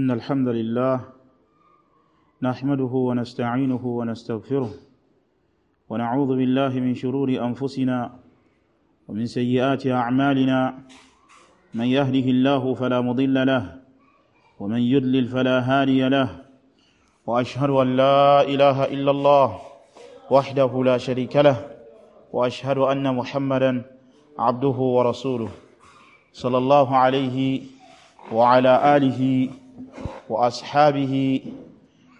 إن الحمد لله نحمده ونستعينه ونستغفره ونعوذ بالله من شرور أنفسنا ومن سيئات أعمالنا من يهده الله فلا مضل له ومن يدلل فلا هادي له وأشهد أن لا إله إلا الله وحده لا شريك له وأشهد أن محمدا عبده ورسوله صلى الله عليه وعلى آله وعلى وأصحابه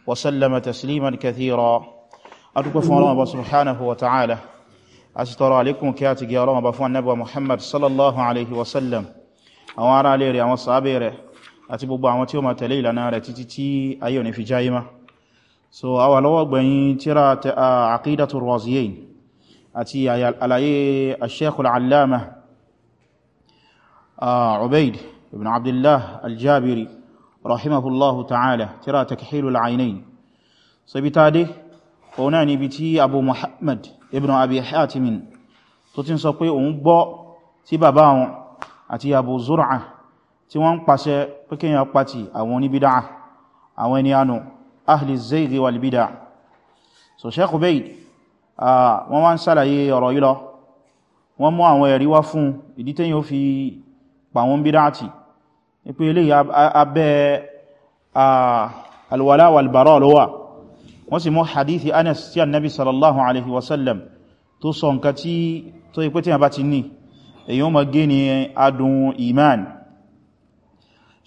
وسلم تسليما كثيرا أدوك فالله سبحانه وتعالى أسترى لكم كاتق يا رب فوان نبوة محمد صلى الله عليه وسلم أوارى ليري أوصابيري أتبوبا وتيوم تليل نار تتتي أيوني في جائمة so awa lọ́wọ́ gbẹ̀yìn tíra àkídàtù rọ̀zíyìn àti àlàyé aṣẹ́kùl alama ubaid ibn abdullah aljabiri rahimahullahu ta'ala tírà takhilul aynayn so bi tade òun náà ni bi tí abu muhammad ibn abi hatimin tó ti ń sọ pé òun gbọ́ tí bàbá wọn àti abu zur'a tí wọ́n ń pàṣẹ pé kíyàn pàtì àwọn oníbídá àwọn ẹni ànú ahli zayri wal bid'a so sheikh ubayd wọ́n wá ń sàlàyé ọ̀rọ̀ yìí lọ wọ́n mú àwọn ẹ̀rí wá fún ìdí tẹ́yìn ó fi pàwọn bídá àti ní pé ilé abẹ́ alwala walbara lọ́wà wọ́n sì mọ́ hadithi anas tí annabi sallallahu alaihi wasallam tó sọ nǹkan tí tó ipé tí a bá ti ní èyàn ma gé ni adùn iman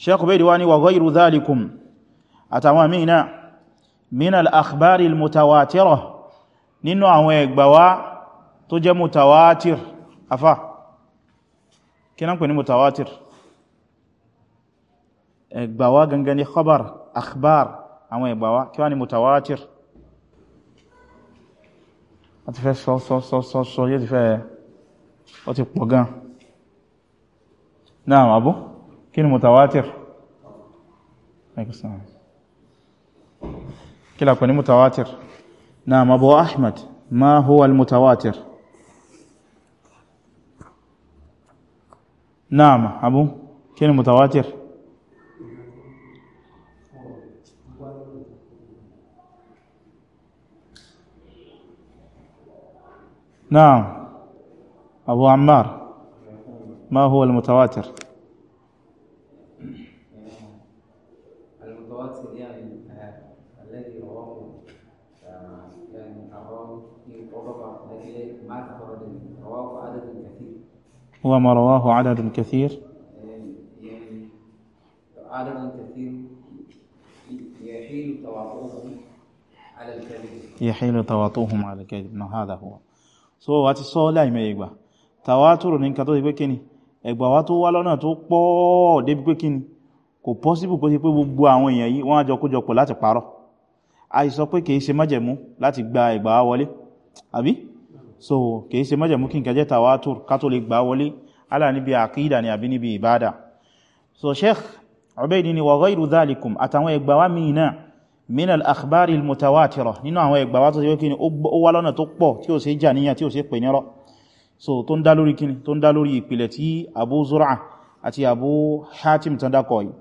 sheikh ubaydi wani wa ghayru dhalikum àtàwọn mìína min al-akhbari nínú àwọn ẹgbàwá tó jẹ́ mutawatir afá kí náà pè ní mutawatir بوا غنغني خبر اخبار اما بوا كاني متواتر اتفا سو سو سو سو سو يدفا اتي بوغا نعم ابو كين متواتر عليكم السلام كلا كوني متواتر نعم ابو احمد ما هو المتواتر نعم ابو كين متواتر نعم أبو عمار ما هو المتواتر المتواتر يعني آه، الذي رواه آه، يعني الراوي وضع لكن ما تفرد رواه عدد كثير هو ما رواه عدد كثير يعني،, يعني عدد كثير يحيل تواطؤهم على الكذب يحيل تواطؤهم على الكذب ما هذا هو so wá ti sọ láìmẹ́ ìgbà tàwátùrù ní nǹkan tó ti pé kíni ẹgbà wá tó wá lọ́nà tó pọ̀ débi pé kíni kò pọ́síbù kó ti pé gbogbo àwọn èèyàn yìí wọ́n á jọ kójọpọ̀ láti parọ́ a sọ pé kìí ṣe májẹ̀mú láti gba ẹgbà wá wọlé àbí so kìí ṣe májẹ̀mú kí nǹkan jẹ́ tàwátùrù ká tó lè gbà wọlé alá níbi àkídà ni àbí níbi ìbádà so sheikh ubaydi ni wa ghayru dhalikum àtàwọn ẹgbà wá míì náà min al-akhbari al-mutawatira nínú àwọn ẹgbà wá tó ṣe kíni ó wá lọ́nà tó pọ̀ tí ó ṣe jàníyàn tí ó ṣe pè nírọ́ so tó ń dá lórí kíni tó ń dá lórí ìpìlẹ̀ tí abu zur'a àti abu hatim tán dákọ̀ yìí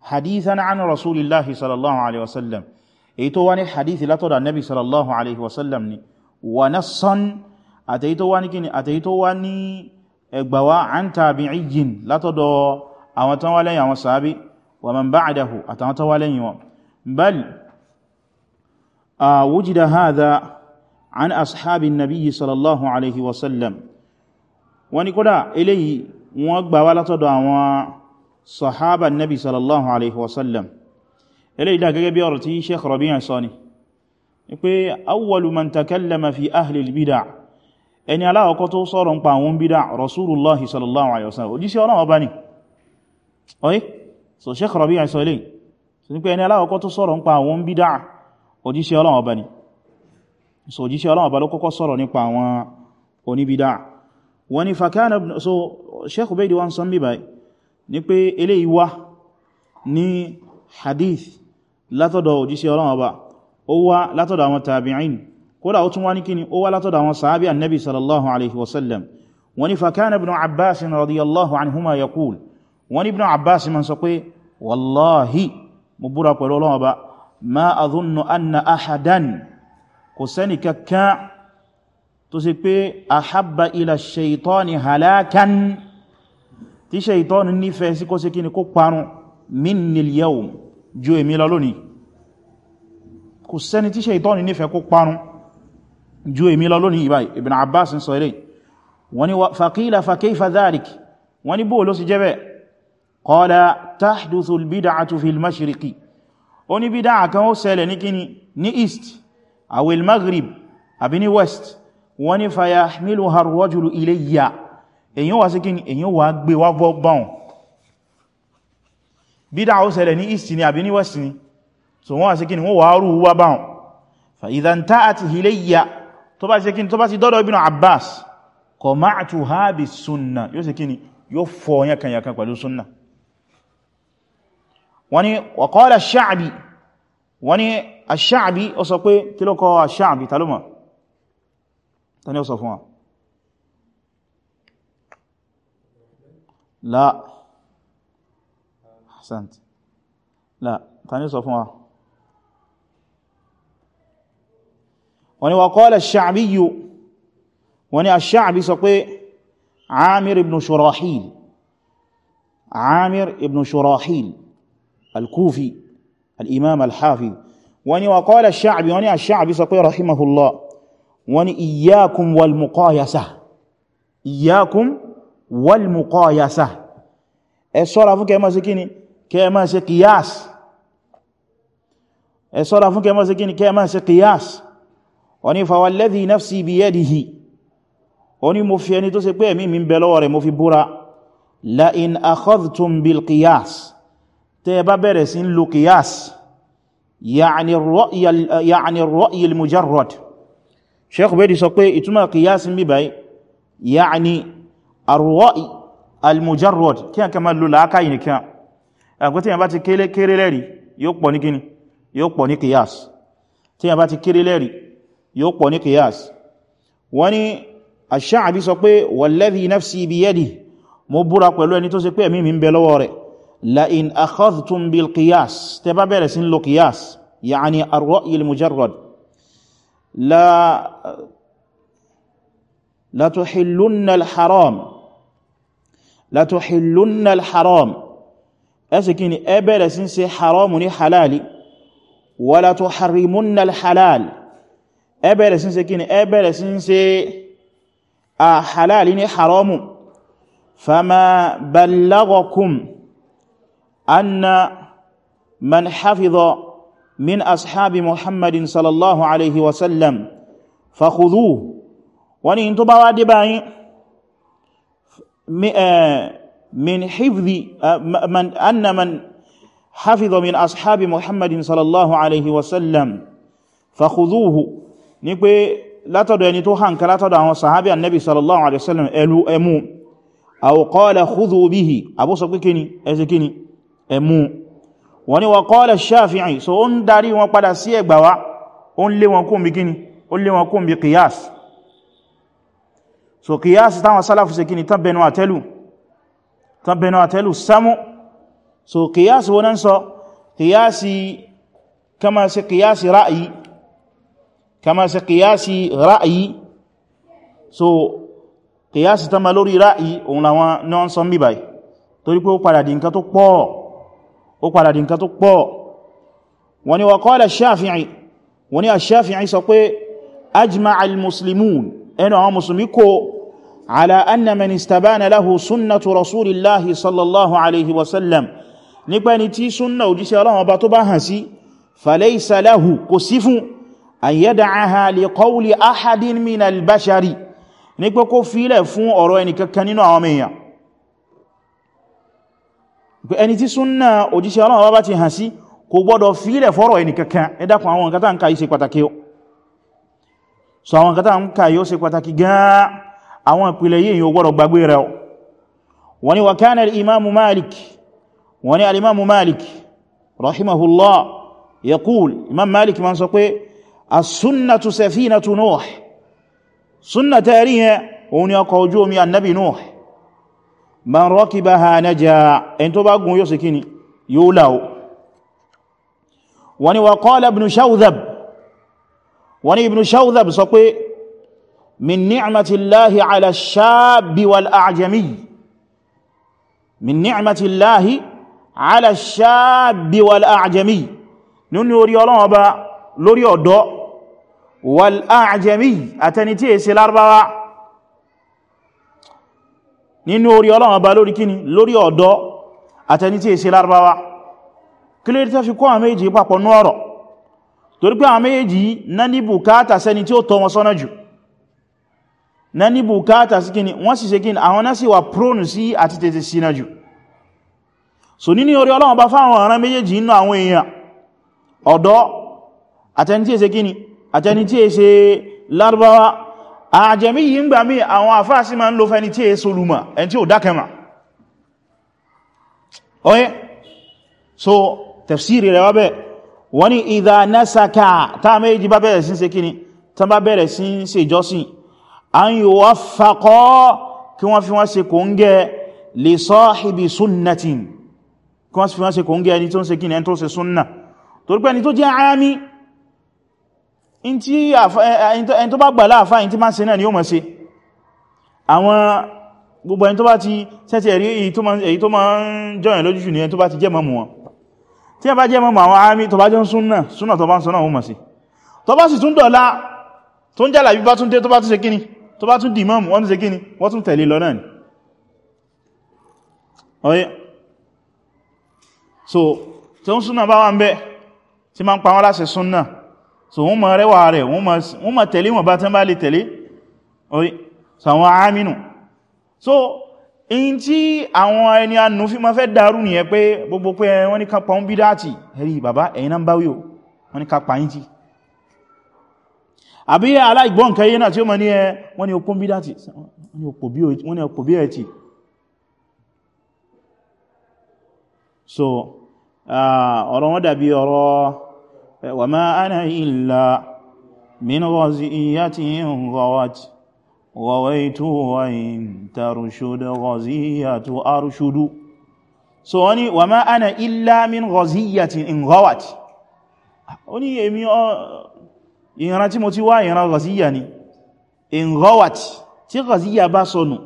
hadithan an rasulillahi sallallahu alaihi wasallam èyí tó wá ní hadithi látọ̀dọ̀ nabi sallallahu alaihi wasallam ni wa nassan àtèyí tó wá ní kíni àtèyí tó wá ní ẹgbà wá an tabi'iyyin látọ̀dọ̀ àwọn tán wá lẹ́yìn àwọn sahabi wa man ba'dahu àtàwọn tán wá lẹ́yìn wọn bal وجد هذا عن أصحاب النبي صلى الله عليه وسلم wọ́n ní kódà eléyìí wọ́n gbà wá látọ̀dọ̀ àwọn sahaba nabi sallallahu alaihi wasallam eléyìí dá gẹ́gẹ́ bí ọ̀rọ̀ tí sheikh rabi'a sọ ni pé awwalu man takallama fi ahli albida ẹni aláwọ̀kọ́ tó sọ̀rọ̀ ń pa àwọn bida rasulullahi sallallahu alaihi wasallam òjíṣẹ́ ọ̀nà ọba ni oye so sheikh rabi'a sọ eléyìí so ní pé ẹni aláwọ̀kọ́ tó sọ̀rọ̀ ń pa àwọn bida òjíṣẹ́ Ọlọ́run ọba ni so òjíṣẹ́ Ọlọ́run ọba ló kọ́kọ́ sọ̀rọ̀ nípa àwọn oníbídá wọ́n ni fakana so sheikh ubaydi wọ́n sọ́n bíbá ní pé eléyìí wá ní hadith látọ̀dọ̀ òjíṣẹ́ Ọlọ́run ọba ó wá látọ̀dọ̀ àwọn tabi'in kódà ó tún wá ní kíni ó wá látọ̀dọ̀ àwọn sahabi annabi sallallahu alaihi wasallam wọ́n ni fakana ibn abbas radiyallahu anhuma yaqul wọ́n ni ibn abbas ma adhunnu anna ahadan kò sẹ́ni kankan tó sì pé ahabba ila shaitani halakan tí shaitani nífẹ̀ẹ́ sí kó sí kí ni kó parun minni al-yawm ju èmi lọ lónìí kò sẹ́ni tí shaitani nífẹ̀ẹ́ kó parun ju èmi lọ lónìí Ibn Abbas ń sọ ilé wọ́n ni faqila fa kayfa ló sì jẹ́bẹ̀ qala tahduthu al-bid'atu fi al ó ní bídá kan ó ṣẹlẹ̀ ní kíni ní east àwil maghrib àbí ní west wọ́n ní faya milu harwajulu ilayya èyàn wà sí kíni èyàn wà gbé wá bọ́ bọ́n bídá ó ṣẹlẹ̀ ní east ni àbí ní west ni so wọ́n wà sí kíni wọ́n wà rú wá bọ́n fa idhan ta'at ilayya tó bá sí kíni tó bá sí dọ́dọ̀ ibn abbas qama'tuha bis sunnah yóò sí kíni yóò fọ́ yankan yankan pẹ̀lú sunnah wọ́n ní waqala ash-Sha'bi wọ́n ní ash-Sha'bi ó sọ pé kí ló kọ ash-Sha'bi talómà tani ó sọ fún wa la ahsant la tani ó sọ fún wa wọ́n ní waqala ash-Sha'bi wọ́n ní sọ pé Amir ibn Shurahil Amir ibn Shurahil الكوفي الإمام الحافظ وني وقال الشعبي وني الشعبي سقي رحمه الله وني إياكم والمقايسة إياكم والمقايسة الصورة فún كما سكيني كما سقياس الصورة فún كما سكيني كما سقياس وني فوالذي نفسي بيده وني مفيني تسيبه من بلوري مفي برا لئن أخذتم بالقياس tẹ́ bá bẹ̀rẹ̀ sí lo kìyàs yàní rọ́yí al-mujarrad sheikh bedi sọ pé ìtumọ̀ kìyàs ń bí báyìí yàní rọ́yí al-mujarrad kí a kama lo láákà yìí nìkan ẹgbẹ́ tí a bá ti kéré lẹ́rí yóò pọ̀ ní kíni yóò pọ̀ ní kìyàs tí a bá ti kéré lẹ́rí yóò pọ̀ ní kìyàs wani ash-Sha'bi sọ pé wallazi nafsi لئن أخذتم بالقياس تبا بيرس القياس يعني الرأي المجرد لا لا تحلن الحرام لا تحلن الحرام أسكين أبرس سي حرام حلال ولا تحرمن الحلال أبرس سكين أبرس سي آه، حلال حرام فما بلغكم أن من حفظ من أصحاب محمد صلى الله عليه وسلم فخذوه وني انتو بواد باي من حفظ من أن من حفظ من أصحاب محمد صلى الله عليه وسلم فخذوه نيبي látọ̀dọ̀ ẹni tó hànkà látọ̀dọ̀ àwọn sàhábí annabi sallallahu alaihi wasallam ẹlú ẹmú aw qala khudhu bihi abúsọ pé kíni ẹsẹ kíni ẹ̀mú wọ́n ni wọ́n kọ́ọ̀lẹ̀ ṣáfi'í so ó ń darí wọn padà sí ẹgbà wá ó ń lé wọn kún bí kíni ó lé wọn kún bí kìyàs so kìyàs táwọn sálàfù ṣe kíni àtẹ́lù tán àtẹ́lù sámú so kìyàs wọ́n ń sọ kìyàsì kama ṣe kìyàsì ra'ayi kama ó padà di nǹkan tó pọ̀ ó padà di nǹkan tó pọ̀ wọ́n ní wa qala Shafi'i wọ́n ní Shafi'i sọ pé ajma'a al-muslimun ẹnu àwọn musulmi kó ala anna man istabana lahu sunnatu rasulillahi sallallahu alaihi wasallam nípa ni tí sunna òjíṣẹ́ Ọlọ́run ọba tó bá hàn sí falaysa lahu kò sí fún an yada'aha li qawli ahadin min al-bashari nípa kó fílẹ̀ fún ọ̀rọ̀ ẹnìkankan nínú àwọn èèyàn pé ẹni tí súnnà òjíṣẹ́ Ọlọ́run bá ti hàn sí kò gbọ́dọ̀ fílẹ̀ fọ́rọ̀ ẹni kankan ẹ dákun àwọn nǹkan tá ń ka yí ṣe pàtàkì ó so àwọn nǹkan tá ń ka yí pàtàkì gan àwọn ìpìlẹ̀ yìí yóò gbọ́dọ̀ gbàgbé rẹ̀ wọ́n ni wa imam man rakibaha naja ẹni tó bá gùn yóò sì kíni yóò láwọ́ wani wa qala ibn shawzab wani ibn shawzab sọ pé min ni'matillahi ala shabi wal a'jami min ni'matillahi ala shabi wal a'jami nínú orí ọlọ́wọ́ bá lórí ọ̀dọ́ wal a'jami àtẹni tí è sí lárúbáwá nínú orí Ọlọ́run Ọba lórí kíni lórí ọ̀dọ́ àtẹni tí èsì lárúbáwá kí ló tẹ́ fi kó àwọn méjì papọ̀ ní ọ̀rọ̀ torí pé àwọn méjì náà ní bùkátà sẹ́ni tí ó tọ́ wọn sọ́nà jù náà ní bùkátà sí kíni wọ́n sì ṣe kíni àwọn náà sì wà prone sí àti tètè sínà jù so nínú orí Ọlọ́run Ọba fáwọn ọ̀ràn méjèèjì nínú àwọn èèyàn ọ̀dọ́ àtẹni tí èsì kíni àtẹni tí èsì lárúbáwá àjẹ̀mí yìí ń gbà mí àwọn àfáà sí ma ń lo fẹ́ni tí è solùmọ̀ ẹni tí ó dákẹ̀mà oye so tafsiri rẹ̀ wábẹ̀ wọ́n ni idha nasaka táà méjì bá bẹ̀rẹ̀ sí ṣe kíni tán bá bẹ̀rẹ̀ sí ṣe ìjọsìn an yuwaffaqo kí wọ́n fi wọ́n ṣe kòńgẹ́ li sahibi sunnatin kí wọ́n fi in tí ẹni tó bá gbà láàfá in tí máa ṣe náà ni ó máa ṣe àwọn gbogbo ẹni tó bá ti sẹ́tì ẹ̀rí èyí tó máa ń jọyàn lójújù ní ẹni tó bá ti jẹ́ mọ́mù wọn tí ẹ bá jẹ́ mọ́mù àwọn army tó bá jẹ́ súnnà súnnà tó bá ń sọ náà ó máa ṣe tó bá sì tún dọ̀lá tó ń bá tún dé tó bá tún ṣe kíni wọ́n tún tẹ̀lé lọ náà ni ọ̀yẹ́ so tó ń súnnà bá wà ń bẹ́ tí máa ń pa wọ́n láṣẹ súnnà so wọ́n ma rẹwà rẹ̀ wọ́n ma tẹ̀lé wọn bá tán bá lè tẹ̀lé orí sàwọn àmìnù so in tí àwọn ẹni annú fi ma fẹ́ dàrú nìyẹn pé gbogbo pé wọ́n ní kápa ń bí dáàtì ẹ̀rí bàbá ẹ̀yin ń báwí o wọ́n ní kápa yìí tí àbí aláìgbọ́n nǹkan yé náà tí ó ma ní ẹ wọ́n ní opó ń bí dáàtì wọ́n ní opó bí ẹ̀ tí so ah, ọ̀rọ̀ wọn dàbí ọ̀rọ̀ وما أنا إلا من غزئية غوت غويت وإن ترشد غزية أرشد so wọ́n ni wà máa ana illa min ghaziyatin in ghawat o ní èmi ìran tí mo ti wá ìran ghaziya ni in ghawat tí ghaziya bá sọnù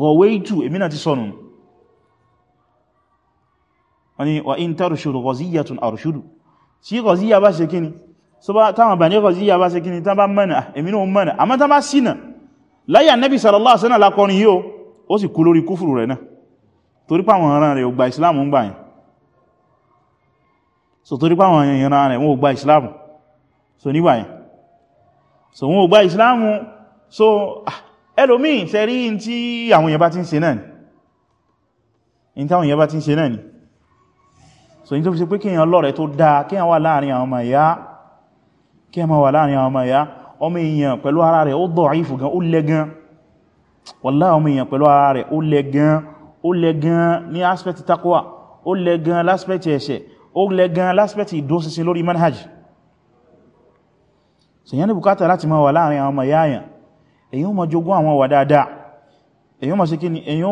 ghawaitu èmi náà ti sọnù wọ́n ni in tarshud ghaziyatun arshudu sí Rọ̀zíyà bá ṣe kíni táwọn bàní Rọ̀zíyà bá ṣe kíni tán bá mẹ́nà èmi náà mẹ́nà àmọ́ tán bá sínà láyà nẹ́bì sallallahu alaihi wasallam lákọrin yíó ó sì kú lórí kúfùrù rẹ̀ náà torí pàwọn ọ̀ràn rẹ̀ ò gba ìsìláàmù ń gbà yẹn so torí pàwọn ọ̀ràn rẹ̀ wọ́n ò gba ìsìláàmù so nígbà yẹn so wọ́n ò gba ìsìláàmù so ah, ẹlòmíì sẹ́rí in tí àwọn èèyàn ń ṣe náà ni so yí tó fi ṣe pé kíyàn lọ́rẹ̀ tó dáa kíyàn wà láàrin àwọn ọmọ ìyá kíyàn ma wà láàrin àwọn ọmọ ìyá ọmọ èèyàn pẹ̀lú ara rẹ̀ ó dọ̀ífù gan ó lẹ gan wallahi ọmọ èèyàn pẹ̀lú ara rẹ̀ ó lẹ gan ó lẹ gan ní aspect takwa ó lẹ gan láspect ẹ̀ṣẹ̀ ó lẹ gan láspect ìdóṣinṣin lórí manhaj so yẹn ní bùkátà láti ma wà láàrin àwọn ọmọ ìyá yẹn èyí ó ma jogún àwọn wà dáadáa èyí ó ma ṣe kí ni èyí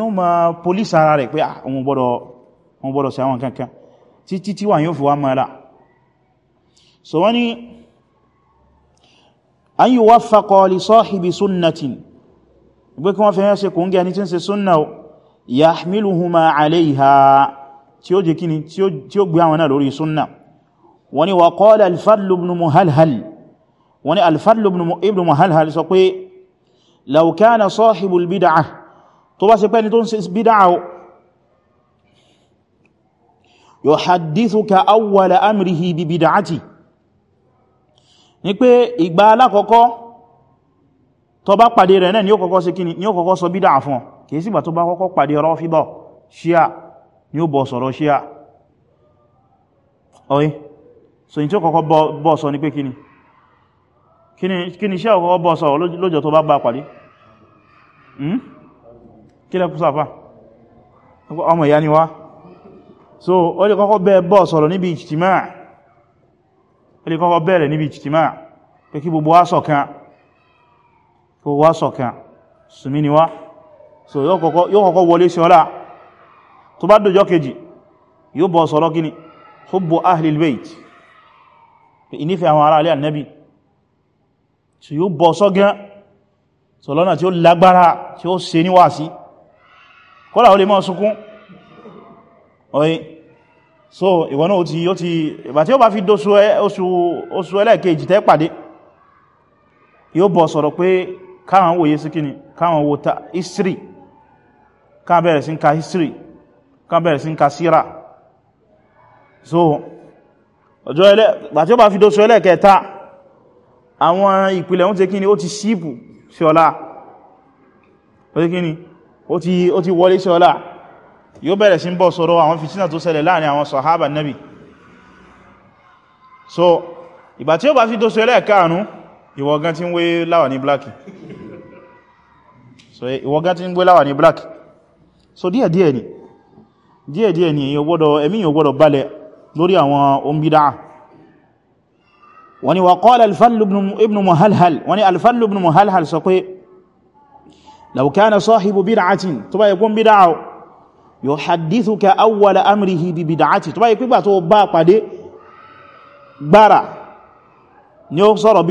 ó ma police ara rẹ̀ pé àwọn ah, gbọ́dọ̀ wọn gbọ́dọ̀ sí àwọn kankan títí tí wà yóò fi wá mọ́ra so wọ́n ni an yuwaffaqa li sahibi sunnatin gbé kí wọ́n fi yẹ́ se kò ń gẹ́ ní tí ń se súnnà yahmiluhuma alayha tí ó jẹ́ kíni tí ó gbé àwọn náà lórí súnnà wọ́n ni wa qala al-Fadl ibn Muhalhal wọ́n ni al kana sahibul bid'ah tó bá ṣe pé tó ń ṣe bid'ah yuhaddithuka awwala amrihi bi bid'ati ní pé ìgbà alákọ̀ọ́kọ́ tó bá pàdé rẹ̀ náà ni ó kọ́kọ́ ṣe kíni ni ó kọ́kọ́ sọ bídà fún kìí sígbà tó bá kọ́kọ́ pàdé Rāfidah ṣíà ni ó bọ̀ sọ̀rọ̀ ṣíà ọ̀yí so yí tí ó kọ́kọ́ bọ́ sọ ní pé kíni kíni ṣíà kọ́kọ́ bọ́ sọ lọ́jọ́ tó bá bá pàdé hmm? kí lẹ́kùsàfà ọmọ ìyá ni wá so ó lè kọ́kọ́ bẹ́ẹ̀ bọ́ sọ̀rọ̀ níbi ìjìtìmáà ó lè kọ́kọ́ bẹ̀rẹ̀ níbi ìjìtìmáà pé kí gbogbo wá ṣọ̀kan kó wá ṣọ̀kan sùmí ni wá so yóò kọ́kọ́ wọlé sí ọlá tó bá dọjọ́ kejì yóò bọ́ sọ̀rọ̀ kíni hubbu ahlil bayt pé ìnífẹ́ àwọn ará alẹ́ annabi tí yóò bọ́ sọ́gán sọ̀lọ́nà tí ó lágbára tí ó ṣe níwàásí kọ́lá ó lè máa sunkún oye so ìwọ náà ti yóò ti ìgbà tí ó bá fi dóṣù oṣù ẹlẹ́ẹ̀kejì tẹ́ pàdé yóò bọ̀ sọ̀rọ̀ pé káwọn wòye sí kíni káwọn wo ta history ká bẹ̀rẹ̀ sí ń ka history ká bẹ̀rẹ̀ sí ń ka síra so ọjọ́ ẹlẹ́ ìgbà tí ó bá fi dóṣù ẹlẹ́ẹ̀kẹta àwọn ìpìlẹ̀ ó ti kíni ó ti síìpù sí ọlá ó ti kíni ó ti wọlé sí ọlá yóò bẹ̀rẹ̀ sí bọ́ sọ̀rọ̀ àwọn fìtínà tó ṣẹlẹ̀ láàrin àwọn sàhábà nabi so ìgbà tí ó bá fi tó ṣe ẹlẹ́ẹ̀kaànú ìwọ̀gán tí ń wé láwà ní black so ìwọ̀gán tí ń wé láwà ní black so díẹ̀díẹ̀ ni díẹ̀díẹ̀ ni ẹ̀mí yóò gbọ́dọ̀ balẹ̀ lórí àwọn ombidáà wọ́n ni waqala alfallu ibn muhalhal wọ́n ni alfallu ibn muhalhal sọ pé law kana sahibu bid'atin tó bá yẹ gún yuhaddithuka awwala amrihi bi bid'ati tó bá yí pípà tó bá pàdé gbára ni ó sọ̀rọ̀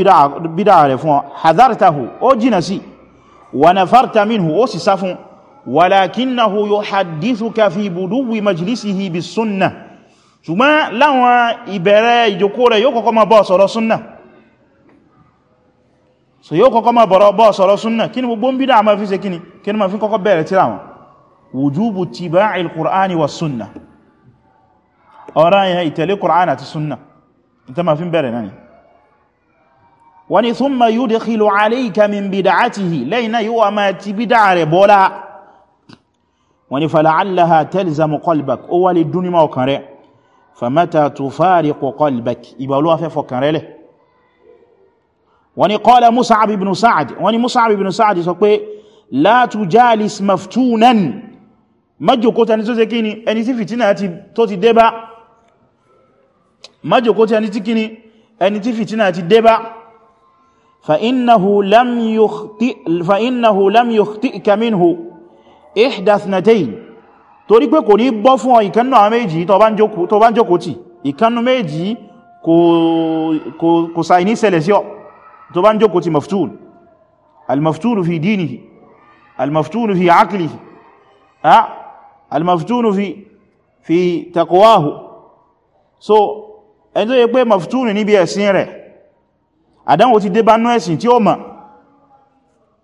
bídá rẹ̀ fún hadartahu ó jìnà sí wa nafarta minhu ó sì sá fún walakinnahu yuhaddithuka fi buduwi majlisihi bi sunna ṣùgbọ́n láwọn ìbẹ̀rẹ̀ ìjókòó rẹ̀ yóò kọ́kọ́ ma bọ́ sọ̀rọ̀ sunna so yóò kọ́kọ́ ma bọ́ sọ̀rọ̀ sunna kí ni gbogbo ń bídá ma fi ṣe kí ni kí ni ma fi kọ́kọ́ bẹ̀rẹ̀ tíra wọn wujubu tiba'i al-qur'ani wa sunna ọ̀rá yẹn ìtẹ̀lé qur'ani àti sunna ìta ma fi ń bẹ̀rẹ̀ náà wani thumma yudkhilu alayka min bid'atihi lẹ́yìnà yíò a ma ti bídá rẹ̀ bọ́lá wani fala'allaha talzamu qalbak ó wà lè dúnimọ̀ ọkàn rẹ̀ famata tufariqu qalbak ìbàlúwà fẹ́ fọkàn rẹ̀ lẹ́ wani qala musa'ab májòkó tẹni tó ṣe kí ni ẹni tí fìtínà tó ti dé bá májòkó tẹni tí kí ni ẹni tí fìtínà ti dé bá فإنه لم يخطئ فإنه لم يخطئك منه إحدى اثنتين torí pé kò ní bọ́ fún ọ ìkannu àwọn méjì tó bá ń jókòó tì ìkannu méjì kò sàì ní ṣẹlẹ̀ sí ọ tó bá ń jókòó tì maftun almaftun fi dinihi almaftun fi aqlihi almaftunu fi fi taqwahu so ẹni tó yẹ pé maftunu níbi ẹ̀sìn rẹ̀ àdánwò ti dé bá nú ẹ̀sìn tí ó mọ̀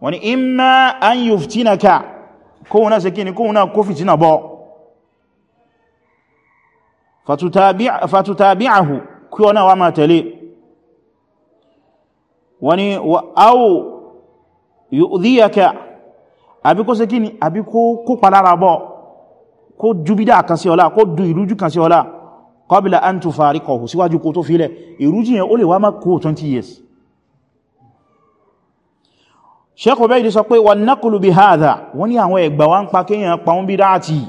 wọ́n ni imma an yuftinaka kóhun náà sekí ni kóhun náà kó fìtínà bọ́ fatutabi'ahu kí ọ náà wá máa tẹ̀lé wọ́n ni aw yu'dhiyaka àbíkó sekí ni àbíkó kó palára bọ́ kó júbídá kan sí ọlá kó dù ìrújú kan sí ọlá qabla an tufariqahu síwájú kó tó filẹ̀ ìrújú yẹn ó lè wá má kó 20 years Sheikh Ubaydi sọ pé wan naqlu bi hadha wọ́n ní àwọn ẹgbà wá ń pa kíyàn pàún bí dáàtì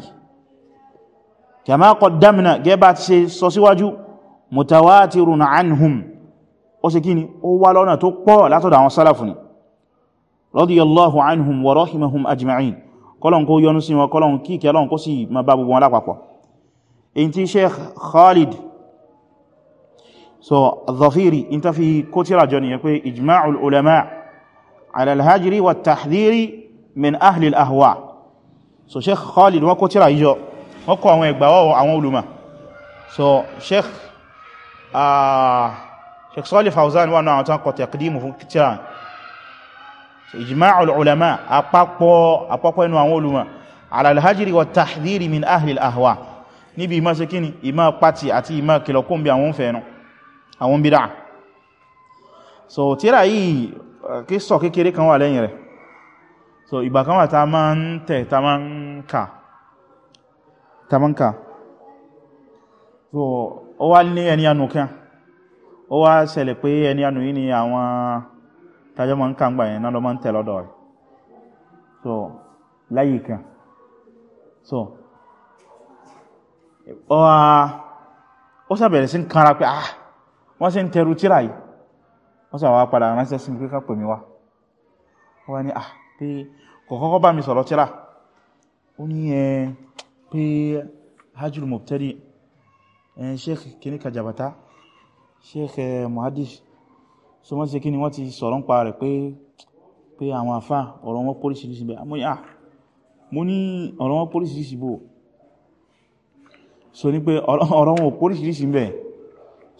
kama qaddamna gẹ́bà ti ṣe sọ síwájú mutawatirun anhum ó ṣe kíni kọ́lọ̀n kó yọnú sí wọn kọ́lọ̀n kí kẹlọ́n kó sì ma bá gbogbo wọn lápapọ̀ in ti Sheikh Khalid so Dhafiri in ta fi kó tíra jọ nìyẹn pé ijma'ul ulama ala al wa tahdhiri min ahli ahwa so Sheikh Khalid wọ́n kó tíra yíjọ wọ́n kọ àwọn ẹgbàwọ́ àwọn ulama so Sheikh ah, Sheikh Salih Fawzan wọ́n náà tán kọ taqdimu fún tíra ijma'ul ulama àpapọ̀ àpapọ̀ ẹnu àwọn olùmọ̀ ala al-hajri wa tahdhiri min ahli al-ahwa níbi ìmá ṣe kíni ìmá pàtì àti ìmá kìlọ̀kún bí àwọn fẹ̀ẹ̀nù àwọn bídá so tíra yìí kí sọ kékeré kan wà lẹ́yìn rẹ̀ so ìgbà kan wà ta ma ń tẹ̀ ta ma ń kà so ó wá ní ẹni anù kan ó wá ṣẹlẹ̀ tájọ́ máa ń kà ń gbà yẹn náà lọ máa ń tẹ̀ lọ́dọ̀ rẹ̀ so láyé kan so ó sàbẹ̀rẹ̀ sí ń kanra pé ah wọ́n sì ń tẹrù tíra yìí wọ́n sàwọ́ padà ránṣẹ́ sí pé ká pè wá wọ́n ní ah pé kọ̀kọ́kọ́ bá mi sọ̀rọ̀ tíra ó ní ẹ e, pé hajjul mubtadi e, sheikh kìníkà jabata sheikh eh, muhaddis so wọ́n ṣe kí ni wọ́n ti sọ̀rọ̀ ń pa rẹ̀ pé pé àwọn àfá ọ̀rọ̀ wọn póríṣìíríṣìí bẹ̀ ah, mo ní ọ̀rọ̀ wọn póríṣìíríṣìí bò so ní pé ọ̀rọ̀ wọn póríṣìíríṣìí bẹ̀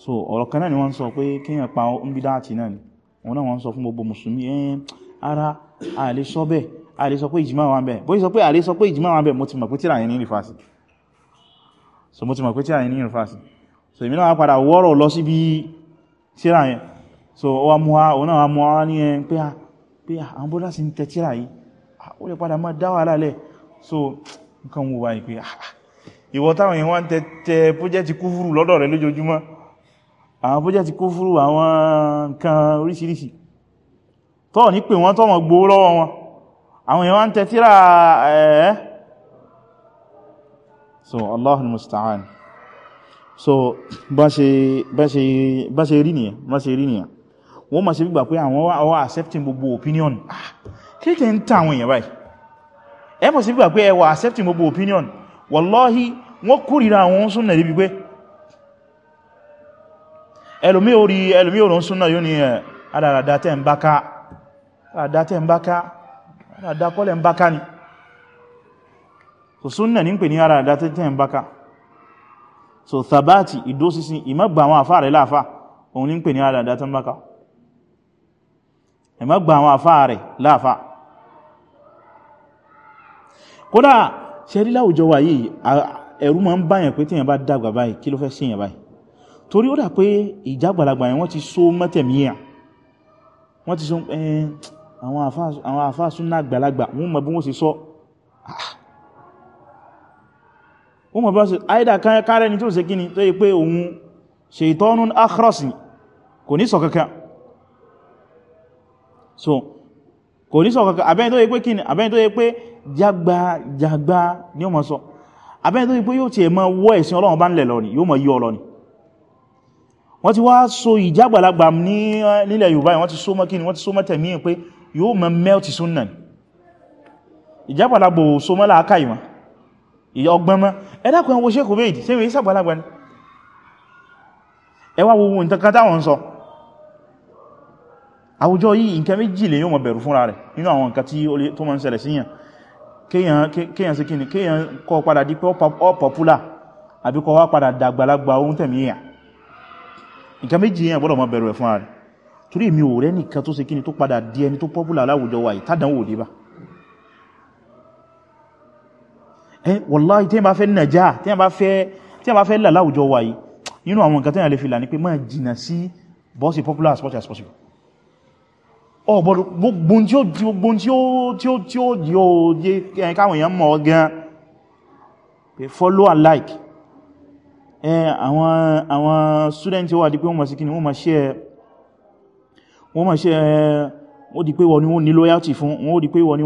so ọ̀rọ̀ kan ni wọ́n sọ pé kíyàn pa ń bí dáàtì náà ni wọ́n náà wọ́n sọ fún gbogbo mùsùlùmí ẹn ara àlè sọ bẹ́ àlè sọ pé ìjìmá wà ń bẹ̀ bó sọ pé àlè sọ pé ìjìmá wà ń mo ti mọ̀ pé tíra yẹn ní rìfàsì so mo ti mọ̀ pé tíra yẹn ní rìfàsì so èmi náà padà wọ́rọ̀ lọ síbi tíra yẹn so wa mú ha ọ̀nà wa mú ha ní ẹ pé ha pé àwọn bọ́dá sí ń tẹ́tíra yìí ó le padà máa dá wàhálà lẹ̀ so nǹkan wo te te ah, ah, ìwọ táwọn èèyàn wá ń tẹ́tẹ́ pọ́jẹ́tì kúfúrú lọ́dọ̀ rẹ̀ lójoojúmọ́ àwọn pọ́jẹ́tì kúfúrú àwọn nǹkan oríṣiríṣi tọ́ ní pé wọ́n tọ́mọ̀ gbówó lọ́wọ́ wọn àwọn èèyàn wá ń tẹ́tíra ẹ̀ẹ́ eh? so Allahul musta'an so bá ṣe rí nìyẹn wọ́n ma ṣe bí gbà pé àwọn ọwọ́ accepting gbogbo opinion ah, kí tẹ́ ń tàwọn èèyàn báyìí ẹ mọ̀ sí bí gbà pé ẹwà accepting gbogbo opinion wallahi wọ́n kórìíra àwọn súnnà rí wípé ẹlòmí orí ẹlòmí orí súnnà yóò ní àdàràdà tẹ́ ń báká àdàràdà tẹ́ ń báká àdàràdà kọ́lẹ̀ ń báká ni so súnnà ní pè ní àdàràdà tẹ́ ń báká so thabati ìdósísìn ìmọ̀gbà àwọn àfáà rẹ̀ láàfáà òun ní pè ní àdàràdà tẹ́ ń báká ẹ̀mọ́ gba àwọn àfá rẹ̀ láàfá kódà ṣe rí láwùjọ wà yìí ẹ̀rù ma ń báyàn pé tíyàn bá dàgbà báyìí kí ló fẹ́ síyàn báyìí torí ó dà pé ìjàgbàlagbà yẹn wọ́n ti so mẹ́tẹ̀míyà wọ́n ti so àwọn àfá súnà àgbàlagbà wọ́n mọ̀ bí wọ́n so kò ní sọ kankan abẹ́yìn tó yẹ pé kíni abẹ́yìn tó yẹ pé jagba jagba ni ó ma sọ abẹ́yìn tó yẹ pé yóò ti ẹ̀mọ wọ́ ẹ̀sìn ọlọ́run bá ń lẹ̀ lọ ni yóò mọ̀ yí ọlọ́ni wọ́n ti wá so ìjágbàlagbà nílẹ̀ yorùbá wọ́n ti so mọ́ kíni wọ́n ti so mọ́ tẹ̀mí pé yóò mọ̀ melt sunna ni ìjágbàlagbà ò so mọ́ láàká ìmọ̀ ọgbọ́n mọ́ ẹ̀dàkùn ẹwọ́ sẹ́kù bẹ́ẹ̀dì sẹ́wọ̀n ìsàgbàlagbà ni ẹwà wo nǹkan táwọn sọ àwùjọ yìí nǹkan méjì lè yóò mọ̀ bẹ̀rù fúnra rẹ̀ nínú àwọn nǹkan tí tó mọ́ ń ṣẹlẹ̀ síyàn kéyàn sí kíni kéyàn kọ padà di pé ọ́pọ̀pùlà àbí kọ wá padà dàgbàlagbà ohun tẹ̀mí èyàn nǹkan méjì èyàn gbọ́dọ̀ mọ́ bẹ̀rù ẹ̀ fúnra rẹ̀ torí èmi ò rẹ́ nìkan tó ṣe kíni tó padà di ẹni tó pọ́pùlà láwùjọ wa ìtàdàn wò débà ẹ wàláhì tí wọ́n bá fẹ́ popular as much as possible ọ̀gbọ̀dọ̀ gbogbo tí ó di gbogbo tí ó tí ó tí ó di ó follow and like ẹ àwọn àwọn student wà di pé wọ́n mọ̀ sí kí ni wọ́n mọ̀ ṣe ẹ wọ́n mọ̀ ṣe ẹ wọ́n di ni wọ́n ní loyalty fún wọ́n di pé ni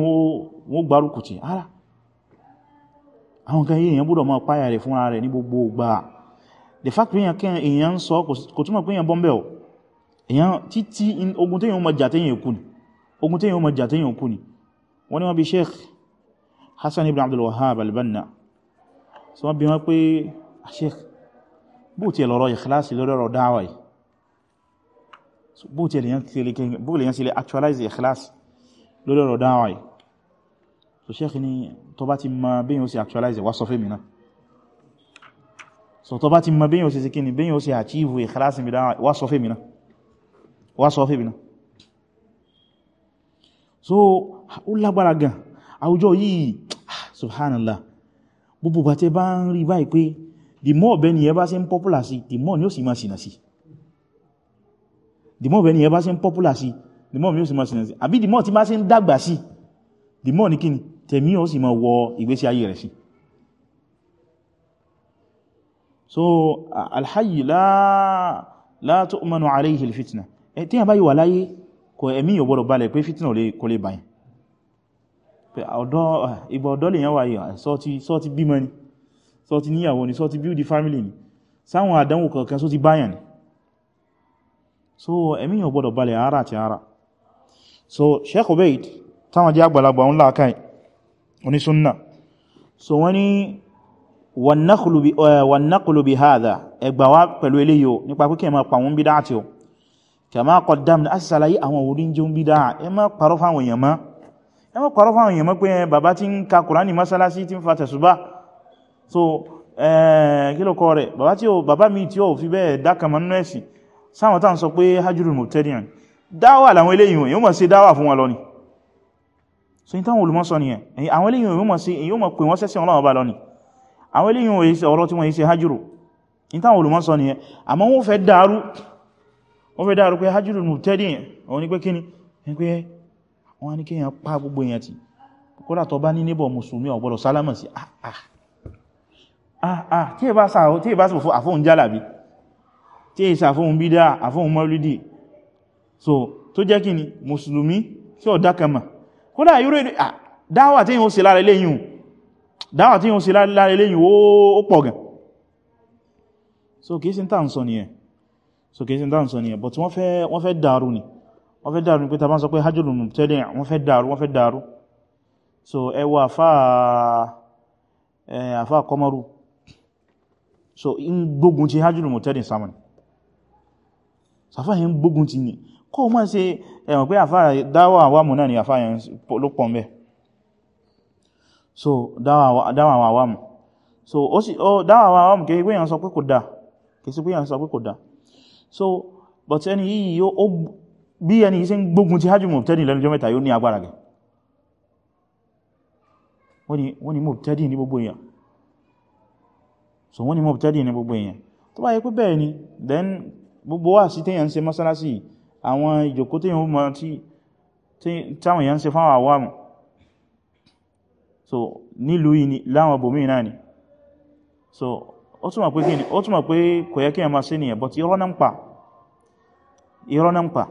wọ́n the fact pé èèyàn sọ kò túnmọ̀ pé èèyàn èyàn títí ogun tí yíò mọ̀ jà tẹ́yìn òkú ni ogun tí yíò mọ̀ jà tẹ́yìn òkú ni wọ́n ni wọ́n bí sheikh hassan ibn abdul wahhab al-banna so wọ́n bí wọ́n pé ah, sheikh bóòtí ẹ̀lọ́rọ̀ ìkìláàsì lọ́rọ̀ dáwà actualize ìkìláàsì lọ́rọ̀ dáwà yìí so sheikh ni tó bá actualize wá sọ fẹ́ mi náà so tó bá ti mọ̀ bẹ́yìn achieve ìkìláàsì mi dáwà wá wá sọ fèmìnà so ó lágbára gan àwùjọ yìí ah, subhanallah gbogbo bá tẹ bá ń rí báyìí pé the more ọ̀bẹ́ ni ẹ bá ṣe ń popular sí the more ni ó sì máa ṣìnà sí the more ọ̀bẹ́ ni ẹ bá ṣe ń popular sí the more ni ó sì máa ṣìnà sí àbí the more tí bá ṣe ń dàgbà sí the more ni kí ni tẹ̀mí ó sì máa wọ ìgbésí ayé rẹ̀ sí so alhayi la la tu'manu alayhi alfitna Eh, tí a bá yíwà láyé kò ẹ̀mí yóò gbọ́dọ̀ balẹ̀ pé fìtínà kò lè báyìí ah, ìgbà ọ̀dọ́ lè yàn wáyé ah, sọ ti bímọ ni sọ níyàwó ni sọ ti build family ni sáwọn àdánwò kankan só báyàn ni so ẹ̀mí yóò balẹ̀ ara àti ara so Sheikh Ubaid táwọn jẹ́ àgbàlagbà ń láàkáì onísúnnà so wọ́n ni eh, wọ́n nákùlù bí háàdà ẹgbàwá pẹ̀lú eléyò nípa pé kí ẹ máa pàwọn kama qaddamna asàlàyé àwọn orí jẹ́ ń bí dáa ẹ má parọ́ fáwọn èèyàn má ẹ má parọ́ fáwọn èèyàn má pé bàbá tí ń ka kùránì mọ́sálásí tí ń fa tẹ̀sùbá so eh, kílọ̀kọ́ rẹ̀ bàbá tí ó bàbá mi tí ó fi bẹ́ẹ̀ dákàmà nínú ẹ̀sìn sáwọn tán sọ pé hajjurul mubtadi'in dáwà làwọn eléyìn èyí mọ̀ so ní táwọn olùmọ́ sọ ni ẹ̀ àwọn eléyìn èyí mọ̀ sí èyí mọ̀ pé wọ́n sẹ́sẹ̀ ọlọ́wọ́ bá lọ ni àwọn eléyìn èyí wọ́n fẹ́ dáa rú pé hajjúrù mú tẹ́dì yẹn wọ́n ní pé kí ni ẹn pé wọ́n ní kí yẹn pa gbogbo yẹn tí kódà tó bá ní níbọ̀ mùsùlùmí ò gbọ́dọ̀ sálámà sí àà ah, ah. ah, tí ẹ bá sàfò so tó ni mùsùlùmí tí ó dákàmà kódà dáwà tí yíò sí lára eléyìn dáwà tí yíò sí lára eléyìn ó so kìí sí ń tà ń sọ nìyẹn so kìí sin dáǹsọ ni ẹ̀ but wọ́n fẹ́ wọ́n fẹ́ dàrú ni wọ́n fẹ́ dàrú ni pé ta bá ń sọ pé hajjúlù mú tẹ́lẹ̀ wọ́n fẹ́ dàrú wọ́n fẹ́ dàrú so ẹwà àfá kọmọrú so in gbógun ti hajjúlù mú tẹ́lẹ̀ saman sàfáyẹ ń gbógun ti ní kọ́ ma ṣe ẹ̀wọ̀n pé àfá dáwà àwámù náà ni àfá yẹn ló pọ̀ mẹ́ so dáwà àwámù so ó sì dáwà àwámù kìí pé yàn sọ pé kò dá kìí sí pé yàn sọ pé kò dá so but ẹni yìí yóò bí ẹni yìí ṣe ń gbógun ti hajj mọ̀tẹ́dì lẹ́nu jọ mẹ́ta yóò ní agbára gẹ̀ wọ́n ni mọ̀tẹ́dì ní gbogbo èèyàn so wọ́n ni mọ̀tẹ́dì ní gbogbo èèyàn tó bá yẹ pé bẹ́ẹ̀ ni then gbogbo wà sí téèyàn ń ṣe mọ́sálásí àwọn ìjòkó téèyàn ó mọ tí táwọn èèyàn ń ṣe fáwọn àwọ̀ àmọ̀ so nílùú yìí láwọn bòmí náà ni so ó túnmọ̀ pé kíni ó túnmọ̀ pé kò yẹ kí ẹ máa ṣe nìyẹn but irọ́ náà ń pa irọ́ náà ń pa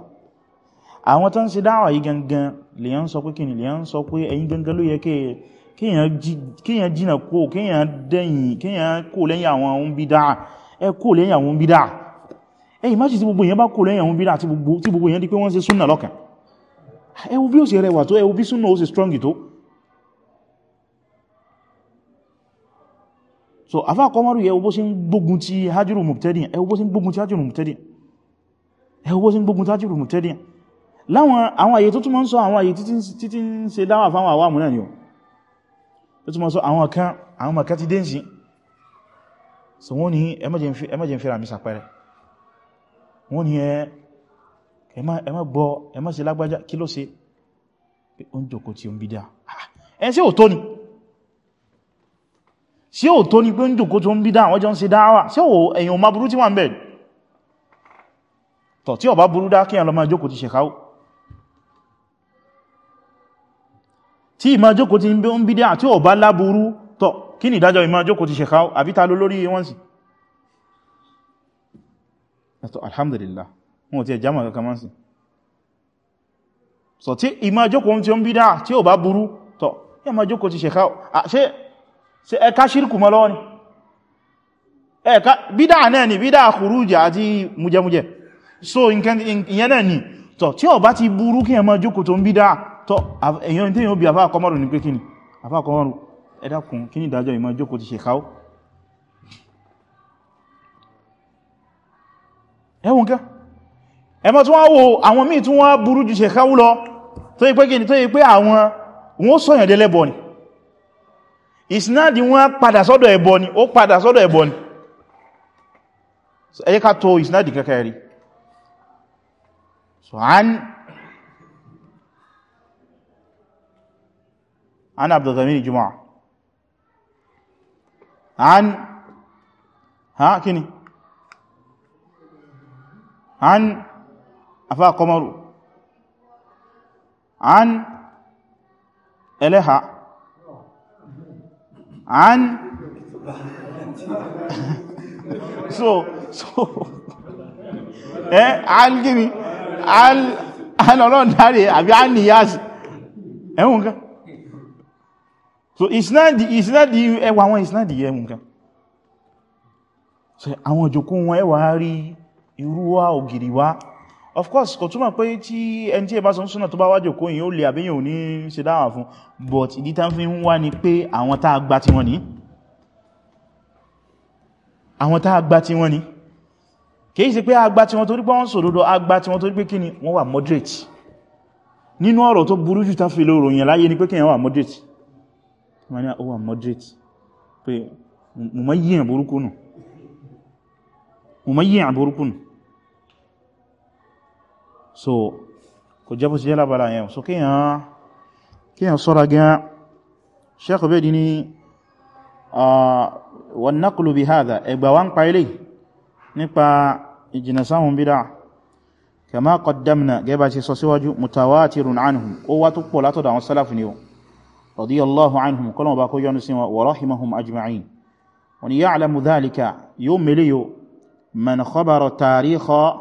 àwọn tó ń ṣe dáwà yìí gangan lèyàn sọ pé kíni lèyàn sọ pé ẹ̀yin gangan ló yẹ kíyàn jìnà kó kíyàn dẹ̀yìn kíyàn kó lẹ́yìn àwọn ohun bídá ẹ kó lẹ́yìn àwọn ohun bídá ẹ ìmájì tí gbogbo so afá kọmọrù yẹ owó sí ń gbógun ti hajjúrù mubtadi ẹ owó sí ń gbógun ti hajjúrù mubtadi ẹ owó sí ń gbógun ti hajjúrù mubtadi láwọn àwọn àyè tó túnmọ́ ń sọ àwọn àyè títí ń ṣe dáwà fáwọn àwọn àmúnà ni ó tó túnmọ́ sọ àwọn kan àwọn maka ti dẹ́nsì so wọ́n ni ẹmọ́jẹ̀ ń fẹ́ra mi sàpẹrẹ wọ́n ni ẹmọ́ gbọ́ ẹmọ́ ṣe lágbájá kí ló ṣe pé ó ń jòkó ah, tí ó ń bídá ẹ ṣé ò tó ni sí ò tó ní pé ń dùkú tó ń bí dáwọn jọ ń ṣe dáwà sí ò èyàn ma burú tí wà ń bẹ̀ tọ̀ tí ọba burú dá kí ẹ lọ máa jókòó ti ṣẹ̀káwó tí ìmá jókòó ti ń bí dáwọn tí ọba láburú tọ̀ kí ni ìdájọ́ ìmá alhamdulillah wọn ti ẹ̀já màkàkà máa sí sọ tí ìmá jókòó ti ń bí dáwọn jókòó ti ṣẹ̀káwó ṣé ẹka ṣírkù mọ́ lọ́wọ́ ni ẹka bídá náà ni bídá kùrújì àti mújẹmújẹ so ìyẹn náà ni tọ́ tí ó bá ti burú kí ẹmọ jókòó tó ń bídá tọ́ èyàn tí yóò bí àfá àkọmọ́rù ní pé kíni àfá àkọmọ́rù ẹ dákun kí ni ìdájọ́ ìmọ̀ jókòó ti ṣe káó ẹwùn kẹ́ ẹmọ́ tí wọ́n wo àwọn míì tí wọ́n burú ju ṣe káó lọ tó yí pé kíni tó yí pé àwọn wọ́n sọ̀yàn délẹ́bọ̀ ni ìsìnáàdì wọ́n padà sọ́dọ̀ ẹbọ ni ó padà sọ́dọ̀ ẹbọ ni ẹjẹ́ ká tó ìsìnáàdì kẹ́kẹ́ rí so an an abdulghamini juma'a an ha kíni an afá kọmọrù an ẹlẹ́ha عن so so eh al gini al al olon dare àbí al niyas eh nka. so isnadi isnadi ẹ wá wọn isnadi eh won eh, kan so àwọn joko wọn ẹ wá rí of course kò túmọ̀ pé tí ẹni tí ẹ bá sọ súnà tó bá wájò kó yìí ó lè àbíyàn ò ní ṣe dáwà fún but ìdí tá ń fi ń wá ni pé àwọn tá a gbà tí wọ́n ní àwọn tá a gbà tí wọ́n ní kìí ṣe pé a gbà tí wọ́n torí pé wọ́n sòdodo a gbà tí wọ́n torí pé kí ni wọ́n wà moderate nínú ọ̀rọ̀ tó burú jù tán fi lè ròyìn láyé ni pé kí wà moderate wọ́n ní ó wà moderate pé mo so kò jabo bó ti bala yẹn so kíyàn kiyan sọ́ra gan Sheikh Ubaydi ni wa naqlu bí hádà ẹgbà wá ń pa ilé nípa ìjìnà sáhùn bídá kama qaddamna gẹ́bà ti sọ si waju mutawatirun anhum ó wá tó pọ̀ lato da àwọn salaf ni ó radiyallahu anhum kolon bá kó yọnu sin wa rahimahum ajma'in wani ya'lamu dhalika yóò mele yóò man khabara tarikha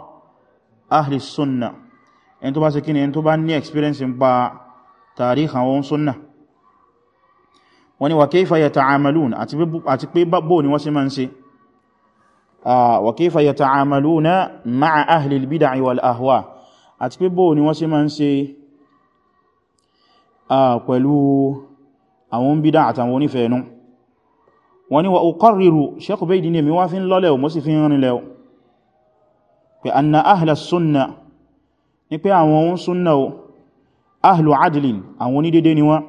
ahli sunnah ẹni tó bá ṣe kíni ẹni tó bá ní experience ń pa tarikh àwọn súnnà wọ́n ni wa kayfa yata'amalun àti pé bó ni wọ́n ṣe máa ń ṣe wa kayfa yata'amaluna ma'a ahli al-bid'i wal ahwa àti pé bó ni wọ́n ṣe máa ń ṣe pẹ̀lú àwọn bídá àtàwọn onífẹ̀ẹ́nú wọ́n ni wa uqarriru Shaykh Ubayd ni mi wá fi ń lọ́lẹ̀ mo sì fi ń rìnlẹ̀ pé anna ahla as ní pé àwọn ohun súnnà o ahlu adilin àwọn onídédé ni wọ́n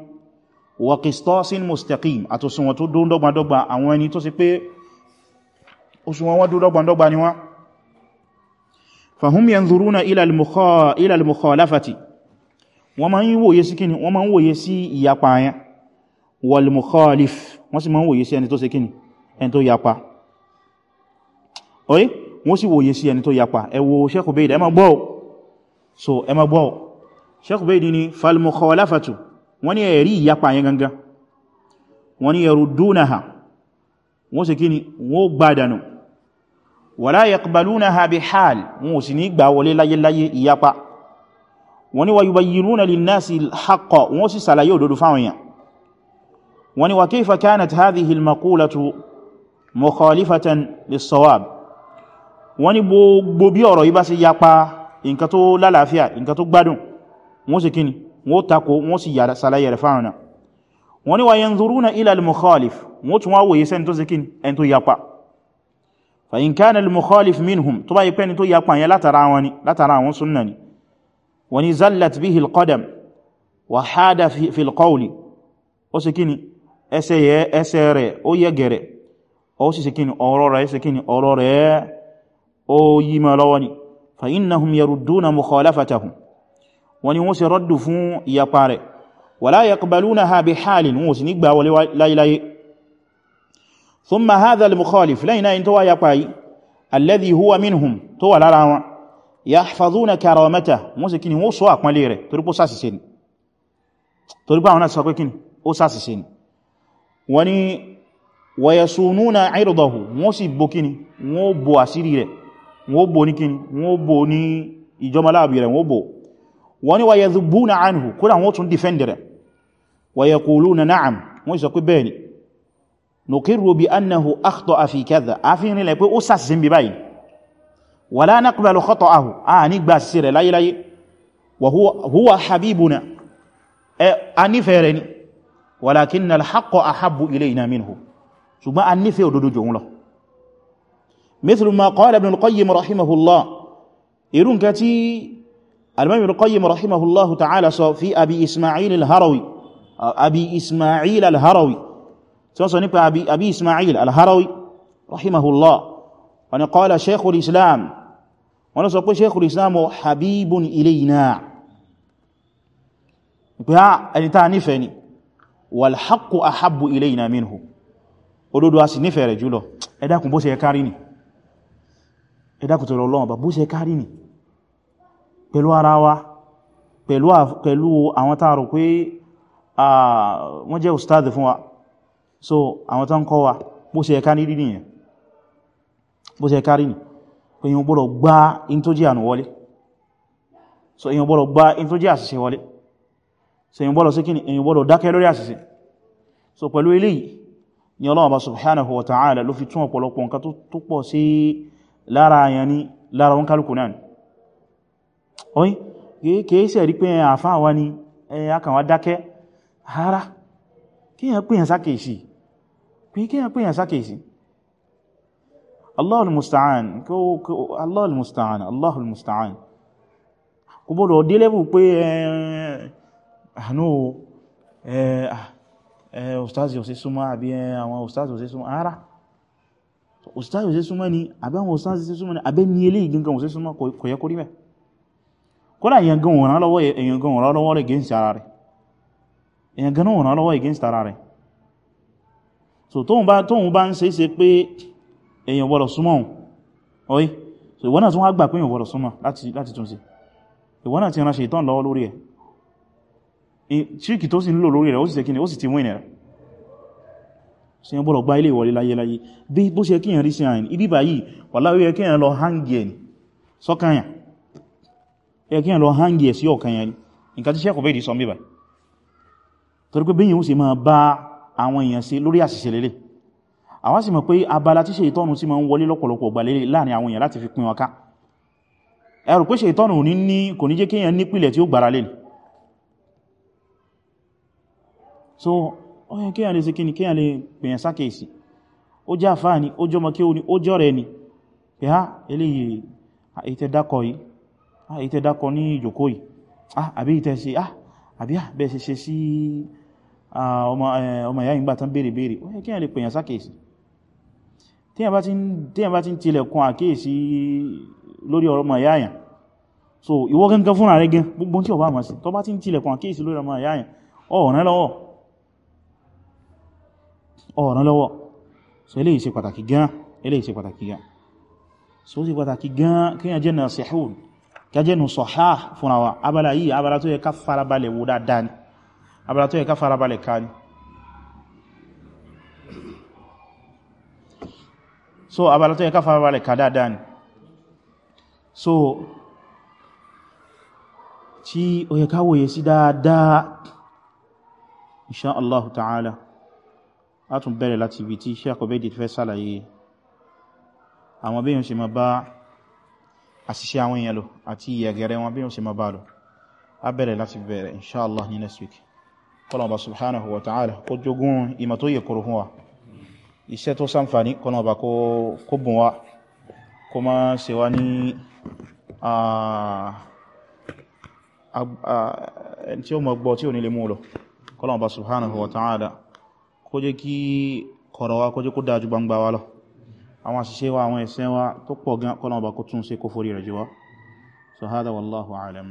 wa qistasin mustaqim àtòsùnwọ̀n tó dó dọ́gbandọ́gba àwọn ẹni tó sì pé òsùnwọ̀n wọ́n dó dọ́gbandọ́gba ni wọ́n fahum yanzuruna ila al-mukhalafati wọ́n ma ń wòye sí kíni wọ́n ma ń wòye sí ìyapa ayẹn wal mukhalif wọ́n sì ma ń wòye sí ẹni tó ṣe kíni ẹni tó yapa oye wọ́n sì wòye sí ẹni tó yapa ẹ wò Sheikh Ubayd ẹ so ẹ ma gbọ́ Sheikh Baydi ni falmukhalafatu wọ́n ní ẹ̀rí ìyapa yẹn gangan wọ́n ní yarudunaha wọ́n sì kíni wọ́n gbádànù wala yaqbalunaha bi hal wọ́n sì ní gbà wọlé láyéláyé ìyapa wọ́n ní wa yubayyinuna linnasi al-haqqa wọ́n sì sàlàyé òdodo fáwọn ní wa kayfa kanat hadhihi wọ́n ní gbogbo yìí bá nǹkan tó lálàáfíà nǹkan tó gbádùn wọ́n sì kíni wọ́n tako wọ́n sì yàrá sàlàyé rẹ̀ fáwọn náà wọ́n ni wa yanzuruna ila al-mukhalif wọ́n tún wá wòye sẹ́ni tó sì kíni ẹni tó yapa fa in kana al-mukhalif minhum tó bá yí pẹ́ni tó yapa yẹn látara wọn ni látara wọn sunna ni wọ́n ni zallat bihi al-qadam wa hada fi al-qawli ó sì kíni ẹsẹ̀ yẹ ẹsẹ̀ rẹ̀ ó yẹ gẹ̀rẹ̀ ó sì kíni ọ̀rọ̀ rẹ̀ ó yí mọ́ lọ́wọ́ ni فإنهم يردون مخالفتهم وني وسي رد فون يقارئ ولا يقبلونها بحال موسى نقبع ولا إليه ثم هذا المخالف لينا انتوى يقاي الذي هو منهم توى لراوى يحفظون كرامته موسى كني وصوى أقماليره تربو ساسي سين تربو هنا ساقوي كني وساسي سين وني ويسونون عرضه موسى بكني وبو أسيريره wọ́n bò ní kíni wọ́n bò ní ìjọmọ́ láàbí rẹ̀ wọ́n bò wọ́n ni wa yadhubuna anhu kódà wọ́n tún defend rẹ̀ wa yaquluna na'am wọ́n sọ pé bẹ́ẹ̀ ni nuqirru bi annahu akhta'a fi bí báyìí wala naqbalu ṣùgbọ́n a nífẹ̀ẹ́ òdodo jòun lọ مثل ما قال ابن القيم رحمه الله إرون كتي المام ابن القيم رحمه الله تعالى في أبي إسماعيل الهروي أبي إسماعيل الهروي سنصنف أبي, أبي إسماعيل الهروي رحمه الله وأن قال شيخ الإسلام ونصف شيخ الإسلام حبيب إلينا بها أن تعنفني والحق أحب إلينا منه ودودوا سنفر جلو أداكم بوسي يكاريني ẹ̀dàkùtọ̀rọ̀ ọlọ́wọ̀n bá bó ṣe kárí nì pẹ̀lú ara wa pẹ̀lú àwọn tá a rò pé wọ́n jẹ́ ustadi fún wa so àwọn tán kọ́ wa bó ṣe kárí nì yẹn bó ṣe kárí nì pé yíò gbá in tó jẹ́ ànú wọlé so èyàn gbọ́dọ̀ gbá in tó jẹ́ àṣìṣe wọlé so èyàn gbọ́dọ̀ síkíni èyàn gbọ́dọ̀ so pẹ̀lú ni Ọlọ́run bá subhanahu wa ta'ala ló fi tún lára àyàn ní lára wọn kálùkù náà oí kìí sẹ̀ rí pé àfáà wá ní akànwà dákẹ́ ara kíyàn pèyàn sákèèsì pé kíyàn pèyàn sákèèsì Allahul musta'an Allahul musta'an Allahul musta'an kò bọ́dọ̀ dé lẹ́bù pé àánú ọ̀stázi ọ̀sẹ́súnmọ́ àbí àwọn ọ̀stázi ọ̀sẹ́súnmọ́ ara ustaz ò ṣe súnmọ́ ni àbẹ́wọn ustaz ṣe súnmọ́ ni àbẹ́ ní eléyìí gangan ò ṣe súnmọ́ kò yẹ kó rí bẹ́ẹ̀ kódà èyàn gan òràn lọ́wọ́ èyàn gan òràn lọ́wọ́ rẹ̀ gẹ́ǹsì ara rẹ̀ èyàn gan òràn lọ́wọ́ gẹ́ǹsì ara rẹ̀ so tóun bá tóun bá ń ṣe é ṣe pé èyàn gbọ́dọ̀ súnmọ́ òun ọ̀yí so sí ẹ bọ́lọ̀ gbá ilé ìwọlé láyéláyé bí bó ṣe kíyàn rí sí àyìn ibi báyìí wà láwé ẹ kíyàn lọ hangi ẹ̀ sọ́kànyà ẹ kíyàn lọ hangi ẹ̀ sí ọ̀kànyà ní nǹkan tí sẹ́kọ̀ọ́ bẹ́ẹ̀dì sọ mẹ́bà torí pé bíyàn ó sì máa bá àwọn èèyàn ṣe lórí àṣìṣe lélẹ̀ àwa sì mọ̀ pé abala tí ṣètọ́nù sì máa ń wọlé lọ́pọ̀lọpọ̀ gbà lélẹ̀ láàrin àwọn èèyàn láti fi pín wọn ká ẹ rò pé ṣètọ́nù ní ní kò ní jẹ́ kéèyàn nípìlẹ̀ tí ó gbára lélẹ̀ so ọ̀yẹ́ kíyà ní sí kí ni kíyà lè pèyàn sákèsì ó jẹ́ àfáà ni ó jọmọ kí o ni ó jọ rẹ̀ ni pé ha eléyìí ìtẹ́dákọ̀ yìí ìtẹ́dákọ̀ ní ìjòkó yìí àbí ìtẹ́sí àbí bẹ́ẹ̀ ṣe ṣe sí ọmọ ìyá ìgbà tán béèrè béèrè ọ̀yẹ́ kíyà lè pèyàn sákèsì so ìwọ gẹ́gẹ́ fúnra rẹ̀ gẹ́ gbogbo tí ọba àmà sí tọ́ bá ti ń tilẹ̀kùn àkíyèsí lórí ọmọ ìyá àyàn ọ̀rẹ́ ọ̀ràn lọ́wọ́ so eléyìí ṣe pàtàkì gan eléyìí ṣe pàtàkì gan so ó ṣe pàtàkì gan kíyàn jẹ́ nasihun kájẹ́nu sọ̀há fúnra wa abala yìí abala tó yẹ ká farabalẹ̀ wò dáadáa ni abala tó yẹ ká farabalẹ̀ ká ni so abala tó yẹ ká farabalẹ̀ ká dáadáa ni so tí ó yẹ ká wòye sí dáadáa insha Allah ta'ala a tún bẹ̀rẹ̀ láti ibi tí Sheikh Obedi fẹ́ sàlàyé àwọn bí yíò ṣe ma bá àṣìṣe àwọn èèyàn lò àti ìyẹ̀gẹ̀rẹ̀ wọn bí yíò ṣe ma bá lò a bẹ̀rẹ̀ láti bẹ̀rẹ̀ inṣáàlá ní next week kọlọ̀ọ̀bá subhanahu wa ta'ala kó jogún ìmọ̀ tó yẹ kúrò fún wa iṣẹ́ tó ṣàǹfààní kọlọ̀ọ̀bá kó wa kó má ṣe wá ní tí subhanahu wa ta'ala kó jẹ́ kí kọ̀rọ̀ wa kó jẹ́ kó dájú gbangba wa lọ àwọn àṣìṣe wa àwọn ẹ̀ṣẹ̀ wa tó pọ̀ gan kọ́nà ọba kó tún ṣe kó forí rẹ̀ jì so hada wallahu alam